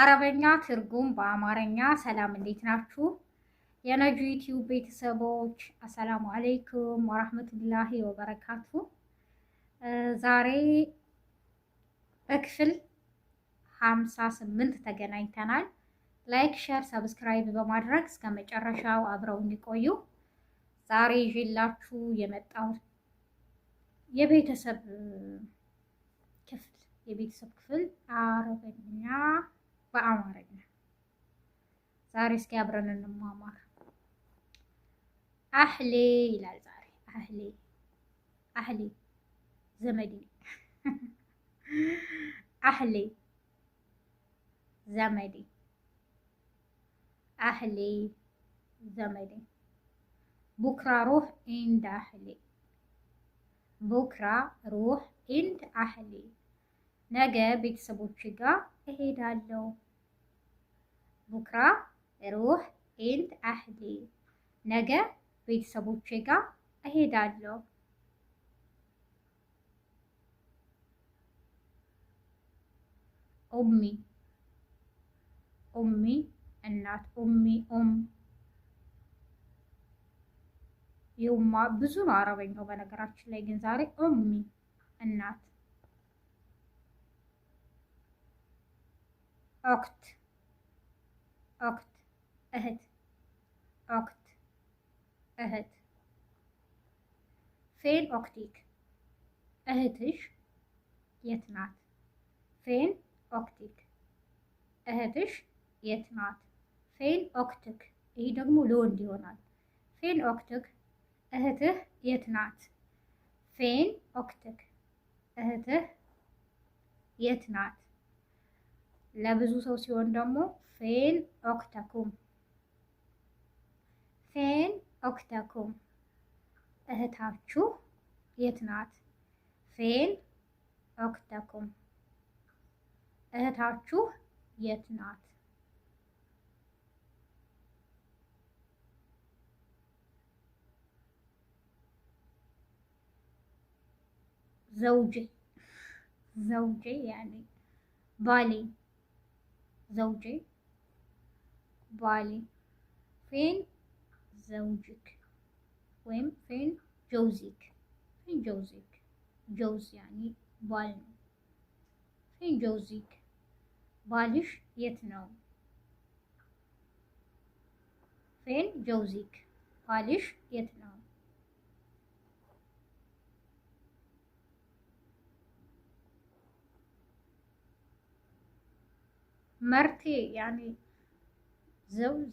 አረበኛ ትርጉም በአማርኛ። ሰላም እንዴት ናችሁ? የነጁ ዩቲዩብ ቤተሰቦች አሰላሙ አለይኩም ወራህመቱላሂ ወበረካቱ። ዛሬ በክፍል ሀምሳ ስምንት ተገናኝተናል። ላይክ፣ ሼር፣ ሰብስክራይብ በማድረግ እስከ መጨረሻው አብረው እንዲቆዩ ዛሬ ይዤላችሁ የመጣው የቤተሰብ ክፍል የቤተሰብ ክፍል አረበኛ በአማርኛ ዛሬ እስኪ አብረን እንማማር። አህሌ ይላል ዛሬ። አህሌ አህሌ ዘመዴ። አህሌ ዘመዴ። አህሌ ዘመዴ። ቡክራ ሩህ ኢንድ አህሌ። ቡክራ ሩህ ኢንድ አህሌ። ነገ ቤተሰቦች ጋር እሄዳለሁ። ቡክራ ሩህ ኢንት አህሊ ነገ ቤተሰቦቼ ጋር እሄዳለሁ። ኡሚ ኡሚ እናት ኡሚ ኡም ይውማ ብዙ ነው አረበኛው። በነገራችን ላይ ግን ዛሬ ኡሚ እናት ኦክት አክት እህት አክት እህት ፌን ኦክቲክ እህትሽ የት ናት? ፌን ኦክቲክ እህትሽ የት ናት? ፌን ኦክቲክ ይህ ደግሞ ለወንድ ይሆናል። ፌን ኦክቲክ እህትህ የት ናት? ፌን ኦክቲክ እህትህ የት ናት? ለብዙ ሰው ሲሆን ደግሞ ፌን ኦክተኩም ፌን ኦክተኩም እህታችሁ የት ናት? ፌን ኦክተኩም እህታችሁ የት ናት? ዘውጄ ዘውጄ ያኔ ባሌ زوجي بالي فين زوجك وين فين جوزك فين جوزك جوز يعني بالنا فين جوزك بالش يتنوم فين جوزك بالش يتنوم መርቴ ያኔ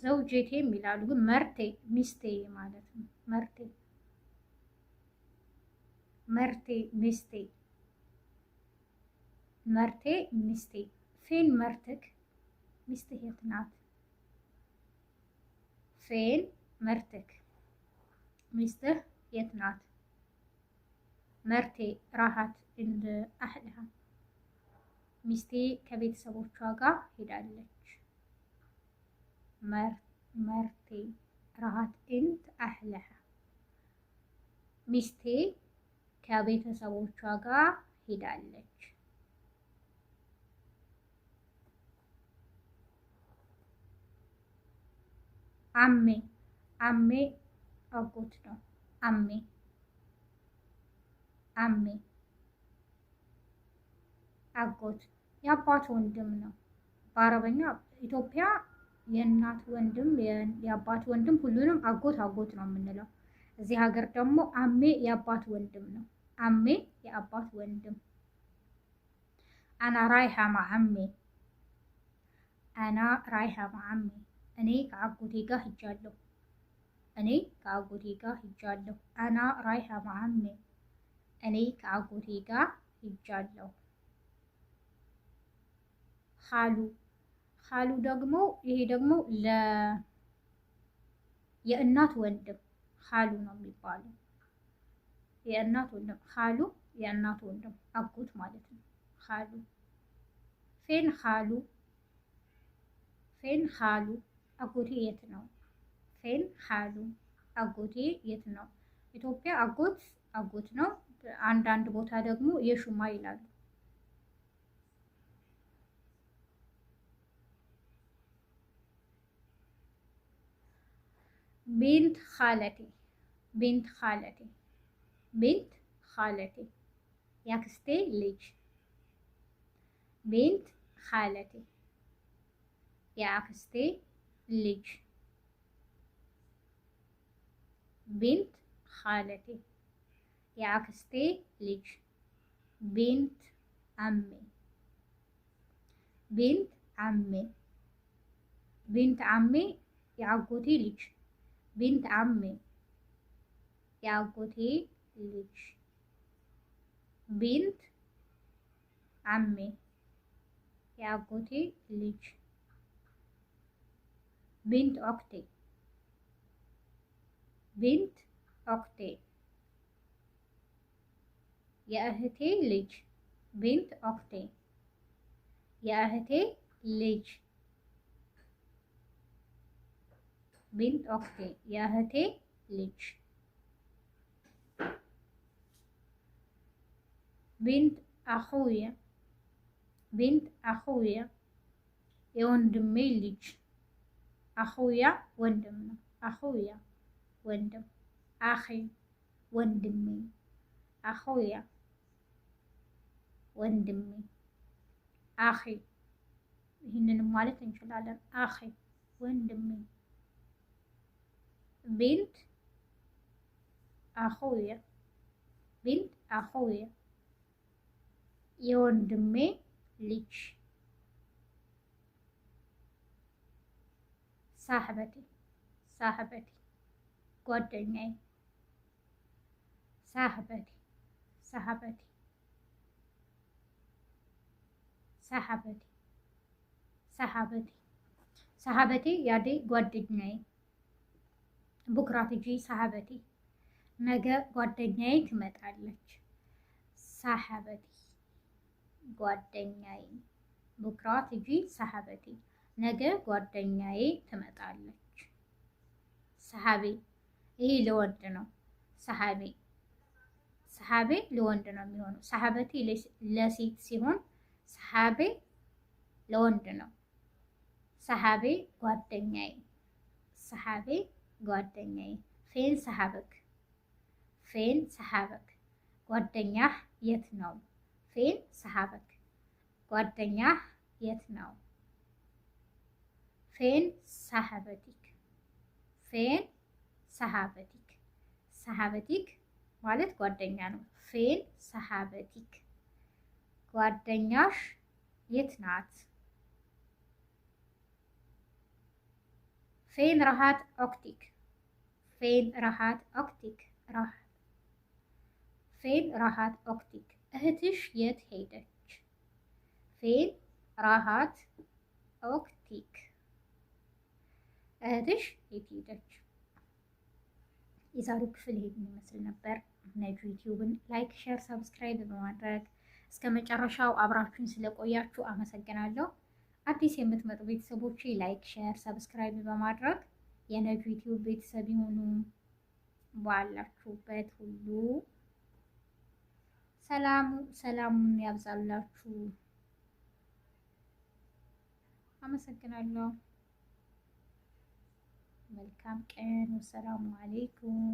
ዘውጀቴ የሚላሉ ግን መርቴ ሚስቴ ማለት ነው። መርቴ መርቴ ሚስቴ መርቴ ሚስቴ ፌን መርትክ ሚስትህ የት ናት? ፌን መርትክ ሚስትህ የት ናት? መርቴ ራሃት እንደ አህልሃ ሚስቴ ከቤተሰቦቿ ጋር ሄዳለች። መርቴ ራሃት እንት አህለሃ ሚስቴ ከቤተሰቦቿ ጋር ሄዳለች። አሜ አሜ አጎት ነው። አሜ አሜ አጎት የአባት ወንድም ነው። በአረበኛ ኢትዮጵያ የእናት ወንድም የአባት ወንድም ሁሉንም አጎት አጎት ነው የምንለው። እዚህ ሀገር ደግሞ አሜ የአባት ወንድም ነው። አሜ የአባት ወንድም። አና ራይሃ ማአሜ፣ አና ራይሃ ማአሜ። እኔ ከአጎቴ ጋር ሂጃለሁ። እኔ ከአጎቴ ጋር ሂጃለሁ። አና ራይሃ ማአሜ። እኔ ከአጎቴ ጋር ሂጃለሁ። ካሉ ካሉ ደግሞ ይሄ ደግሞ ለ የእናት ወንድም ካሉ ነው የሚባለው። የእናት ወንድም ካሉ የእናት ወንድም አጎት ማለት ነው። ካሉ ፌን ካሉ ፌን ካሉ አጎቴ የት ነው? ፌን ሀሉ አጎቴ የት ነው? ኢትዮጵያ አጎት አጎት ነው። አንዳንድ ቦታ ደግሞ የሹማ ይላሉ። बिन्त खालती बिन्त खालती बिन्त खालती يكستي ليج بنت خالتي يكستي ليج بنت خالتي يكستي ليج بنت عمي بنت عمي بنت عمي يعقوتي ليج बिन्त में क्या को थी विंत आम में क्या को थी लिक्ष बिन्त अक्ते बिन्त अक्ते यह थे लिच बिन्त अक्ते यह थे लिख ቢንት ኦክቴ የእህቴ ልጅ ቢንት አኹያ ቢንት አኹያ የወንድሜ ልጅ አኹያ ወንድም ነው። አኹያ ወንድም አኺ ወንድሜ አኹያ ወንድሜ አኺ ይህንንም ማለት እንችላለን። አኺ ወንድሜ بنت أخويا بنت أخويا የወንድሜ ልጅ ሳሕበቴ ሳሕበቴ ጓደኛዬ ሳሕበቴ ሳሕበቴ ሳሕበቴ ሳሕበቴ ሳሕበቴ ያዴ ጓደኛዬ ቡክራት እጂ ሳሐበቲ ነገ ጓደኛዬ ትመጣለች። ሳሐበቲ ጓደኛዬ ቡክራት እጂ ሳሐበቲ ነገ ጓደኛዬ ትመጣለች። ሰሐቤ ይህ ለወንድ ነው። ሰሐቤ ሰሐቤ ለወንድ ነው የሚሆነው። ሰሐበቲ ለሴት ሲሆን ሰሐቤ ለወንድ ነው። ሰሐቤ ጓደኛዬ ሰሐቤ ጓደኛዬ ፌን ሰሃበክ ፌን ሰሃበክ ጓደኛህ የት ነው? ፌን ሰሃበክ ጓደኛህ የት ነው? ፌን ሰሃበቲክ ፌን ሰሃበቲክ ሰሃበቲክ ማለት ጓደኛ ነው። ፌን ሰሃበቲክ ጓደኛሽ የት ናት? ፌን ረሃት ኦክቲክ ፌል ራሃት ኦክቲክ ፌን ራሃት ኦክቲክ እህትሽ የት ሄደች? ፌን ራሃት ኦክቲክ እህትሽ የት ሄደች? የዛሬው ክፍል ይሄን ይመስል ነበር። ነጁ ዩቲዩብን ላይክ፣ ሼር፣ ሰብስክራይብ በማድረግ እስከ መጨረሻው አብራችሁን ስለቆያችሁ አመሰግናለሁ። አዲስ የምትመጡ ቤተሰቦች ላይክ፣ ሼር፣ ሰብስክራይብ በማድረግ የነጁ ዩቲዩብ ቤተሰብ የሆኑ ባላችሁበት ሁሉ ሰላሙ ሰላሙን ያብዛላችሁ። አመሰግናለሁ። መልካም ቀን። ወሰላሙ አሌይኩም